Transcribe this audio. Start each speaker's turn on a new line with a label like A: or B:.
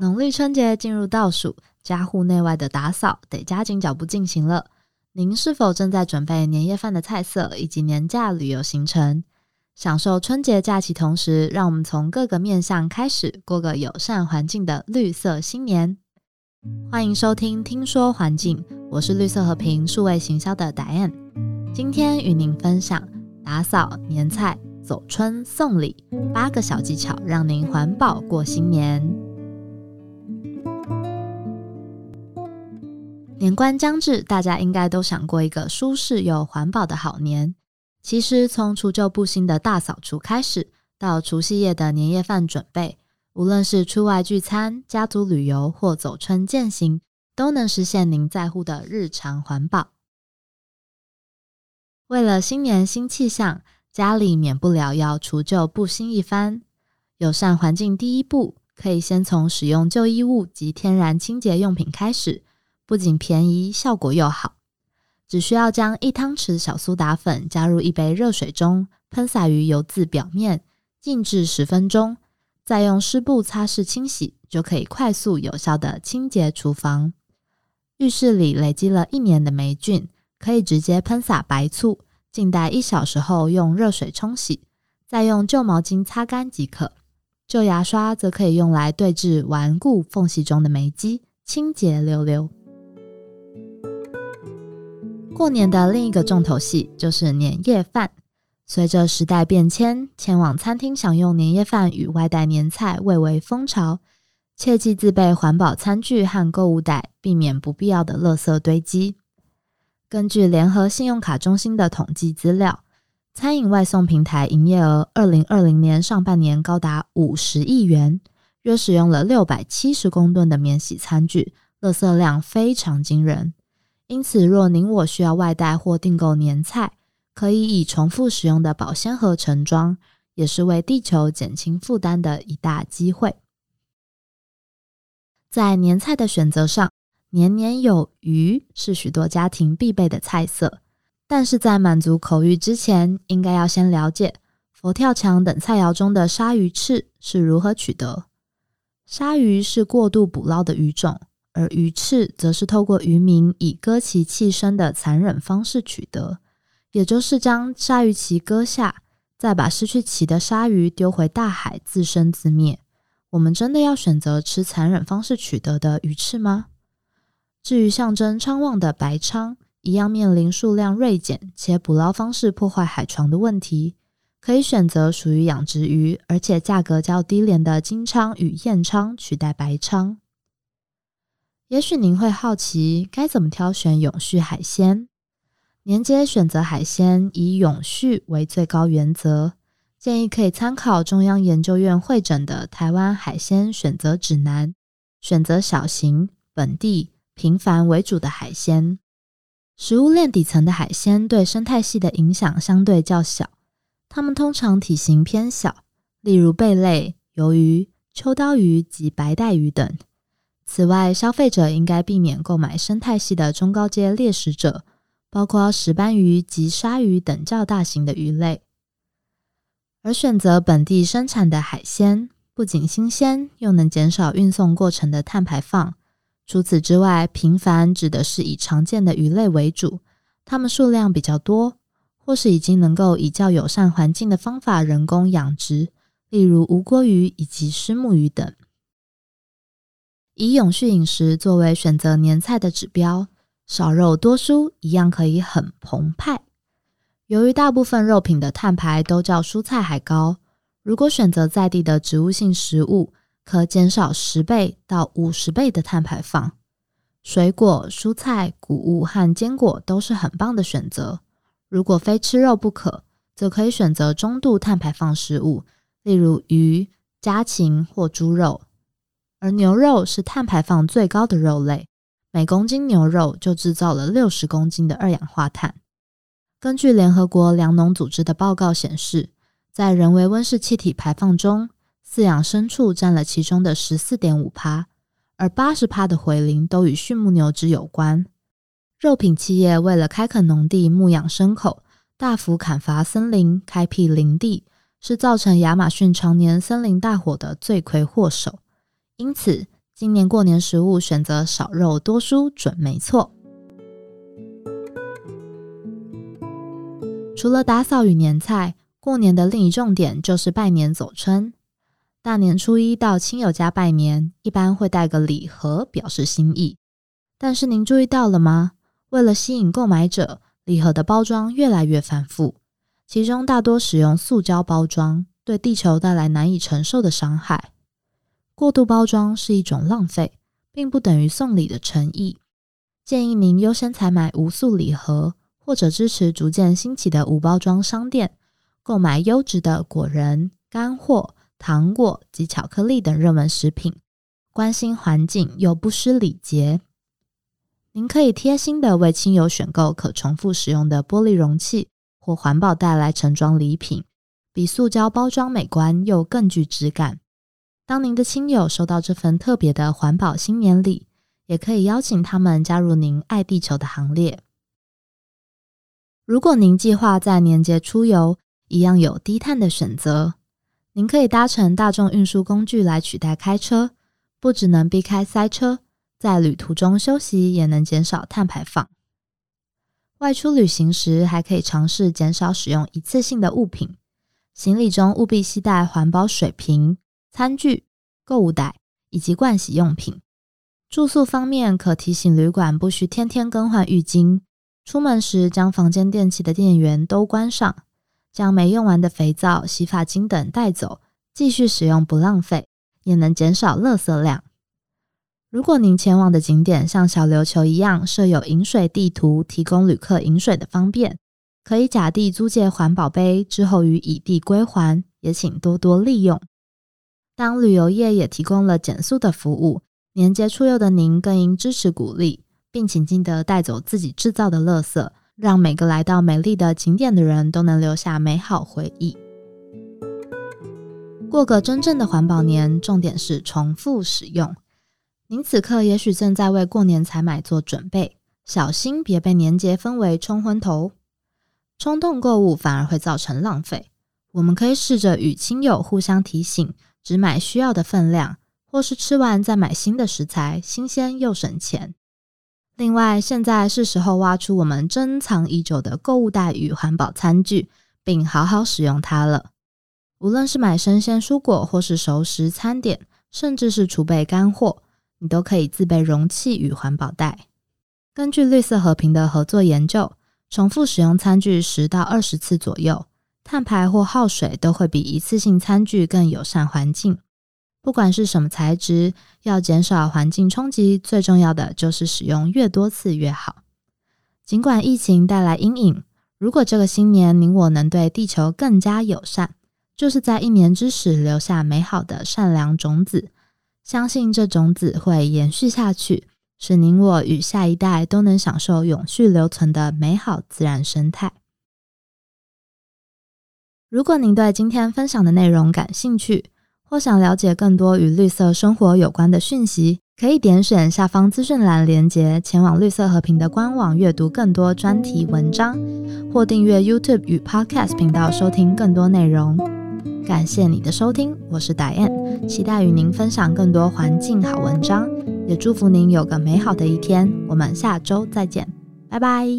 A: 農曆春節進入倒數，家戶內外的打掃得加緊腳步進行了。您是否正在準備年夜飯的菜色以及年假旅遊行程？享受春節假期同時，讓我們從各個面向開始過個友善環境的綠色新年。歡迎收聽《聽說環境》，我是綠色和平數位行銷的戴燕，今天與您分享打掃年菜、走春送禮八個小技巧，讓您環保過新年。年關將至，大家應該都想過一個舒適又環保的好年。其實，從除舊布新的大掃除開始，到除夕夜的年夜飯準備，無論是出外聚餐、家族旅遊或走春健行，都能實現您在乎的日常環保。為了新年新氣象，家裡免不了要除舊布新一番。友善環境第一步，可以先從使用舊衣物及天然清潔用品開始。不僅便宜，效果又好。只需要將一湯匙小蘇打粉加入一杯熱水中，噴灑於油漬表面，靜置十分鐘，再用濕布擦拭清洗，就可以快速有效的清潔廚房。浴室裡累積了一年的霉菌，可以直接噴灑白醋，靜待一小時後用熱水沖洗，再用舊毛巾擦乾即可。舊牙刷則可以用來對治頑固縫隙中的霉菌，清潔溜溜。過年的另一個重頭戲就是年夜飯。隨着時代變遷，前往餐廳享用年夜飯與外帶年菜蔚為風潮。切記自備環保餐具和購物袋，避免不必要的垃圾堆積。根據聯合信用卡中心的統計資料，餐飲外送平台營業額二零二零年上半年高達五十億元，約使用了六百七十公噸的免洗餐具，垃圾量非常驚人。因此，若您我需要外帶或訂購年菜，可以以重複使用的保鮮盒盛裝，也是為地球減輕負擔的一大機會。在年菜的選擇上，年年有餘是許多家庭必備的菜色，但是在滿足口欲之前，應該要先了解佛跳牆等菜餚中的鯊魚翅是如何取得。鯊魚是過度捕撈的魚種。而魚翅則是透過漁民以割鰭棄身的殘忍方式取得，也就是將鯊魚鰭割下，再把失去鰭的鯊魚丟回大海自生自滅。我們真的要選擇吃殘忍方式取得的魚翅嗎？至於象徵昌旺的白鯧，一樣面臨數量銳減且捕撈方式破壞海床的問題，可以選擇屬於養殖魚而且價格較低廉的金鯧與燕鯧取代白鯧。也許您會好奇該怎麼挑選永續海鮮？年節選擇海鮮以永續為最高原則，建議可以參考中央研究院會診的台灣海鮮選擇指南，選擇小型、本地、平凡為主的海鮮。食物鏈底層的海鮮對生態系的影響相對較小，它們通常體型偏小，例如貝類、魷魚、秋刀魚及白帶魚等。此外，消費者應該避免購買生態系的中高階獵食者，包括石斑魚及鯊魚等較大型的魚類，而選擇本地生產的海鮮，不僅新鮮，又能減少運送過程的碳排放。除此之外，平凡指的是以常見的魚類為主，它們數量比較多，或是已經能夠以較友善環境的方法人工養殖，例如吳郭魚以及虱目魚等。以永續飲食作為選擇年菜的指標，少肉多蔬一樣可以很澎湃。由於大部分肉品的碳排都較蔬菜還高，如果選擇在地的植物性食物，可減少十倍到五十倍的碳排放。水果、蔬菜、穀物和堅果都是很棒的選擇。如果非吃肉不可，則可以選擇中度碳排放食物，例如魚、家禽或豬肉。而牛肉是碳排放最高的肉類，每公斤牛肉就製造了六十公斤的二氧化碳。根據聯合國糧農組織的報告顯示，在人為溫室氣體排放中，飼養牲畜佔了其中的十四點五趴，而八十趴的回零毀林都與畜牧牛隻有關。肉品企業為了開墾農地、牧養牲口，大幅砍伐森林、開闢林地，是造成亞馬遜常年森林大火的罪魁禍首。因此，今年過年食物選擇少肉多蔬準沒錯。除了打掃與年菜，過年的另一重點就是拜年走春。大年初一到親友家拜年，一般會帶個禮盒表示心意。但是您注意到了嗎？為了吸引購買者，禮盒的包裝越來越繁複，其中大多使用塑膠包裝，對地球帶來難以承受的傷害。過度包裝是一種浪費，並不等於送禮的誠意。建議您優先採買無塑禮盒，或者支持逐漸興起的無包裝商店，購買優質的果仁、乾貨、糖果及巧克力等熱門食品，關心環境又不失禮節。您可以貼心的為親友選購可重複使用的玻璃容器或環保袋來盛裝禮品，比塑膠包裝美觀又更具質感。當您的親友收到這份特別的環保新年禮，也可以邀請他們加入您愛地球的行列。如果您計劃在年節出遊，一樣有低碳的選擇。您可以搭乘大眾運輸工具來取代開車，不只能避開塞車，在旅途中休息也能減少碳排放。外出旅行時，還可以嘗試減少使用一次性的物品，行李中務必攜帶環保水瓶。餐具、購物袋以及盥洗用品。住宿方面，可提醒旅館不需天天更換浴巾。出門時，將房間電器的電源都關上，將沒用完的肥皂、洗髮精等帶走，繼續使用不浪費，也能減少垃圾量。如果您前往的景點像小琉球一樣設有飲水地圖，提供旅客飲水的方便，可以甲地租借環保杯，之後於乙地歸還，也請多多利用。當旅遊業也提供了減塑的服務，年節出遊的您更應支持鼓勵，並請記得帶走自己製造的垃圾，讓每個來到美麗的景點的人都能留下美好回憶，過個真正的環保年。重點是重複使用。您此刻也許正在為過年採買做準備，小心別被年節氛圍沖昏頭，衝動購物反而會造成浪費。我們可以試着與親友互相提醒。只買需要的分量，或是吃完再買新的食材，新鮮又省錢。另外，現在是時候挖出我們珍藏已久的購物袋與環保餐具，並好好使用它了。無論是買生鮮蔬果或是熟食餐點，甚至是儲備乾貨，你都可以自備容器與環保袋。根據綠色和平的合作研究，重複使用餐具十到二十次左右。碳排或耗水都會比一次性餐具更友善環境。不管是什麼材質，要減少環境衝擊，最重要的就是使用越多次越好。盡管疫情帶來陰影，如果這個新年你我能對地球更加友善，就是在一年之時留下美好的善良種子。相信這種子會延續下去，使你我與下一代都能享受永續留存的美好自然生態。如果您對今天分享的內容感興趣，或想了解更多與綠色生活有關的訊息，可以點選下方資訊欄鏈接，前往綠色和平的官網閱讀更多專題文章，或訂閱 YouTube 與 Podcast 頻道收聽更多內容。感謝你的收聽，我是 Diane，期待與您分享更多環境好文章，也祝福您有個美好的一天。我們下周再見，拜拜。